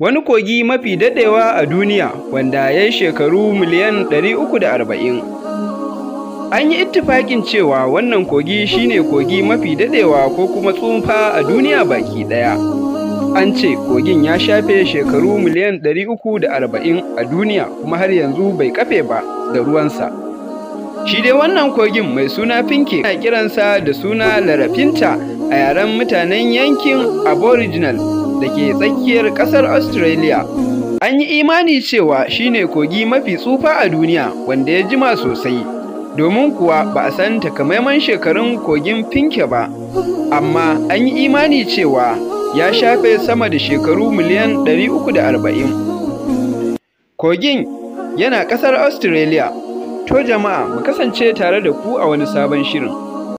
Wani kogi mafi daɗewa a duniya wanda ya yi shekaru miliyan 340. An yi ittifakin cewa wannan kogi shine kogi mafi daɗewa ko kuma tsufa a duniya baki ɗaya. An ce kogin ya shafe shekaru miliyan 340 a duniya kuma har yanzu bai kafe ba da ruwansa. Shi dai wannan kogin mai suna Finke ana kiransa da suna Larafinta a yaren mutanen yankin Aboriginal da ke tsakiyar ƙasar Australia. An yi imani cewa shine kogi mafi tsufa a duniya wanda ya jima sosai. domin kuwa ba a san takamaiman shekarun kogin finke ba amma an yi imani cewa ya shafe sama da shekaru miliyan 340 kogin yana ƙasar australia To jama'a mu kasance tare da ku a wani sabon shirin.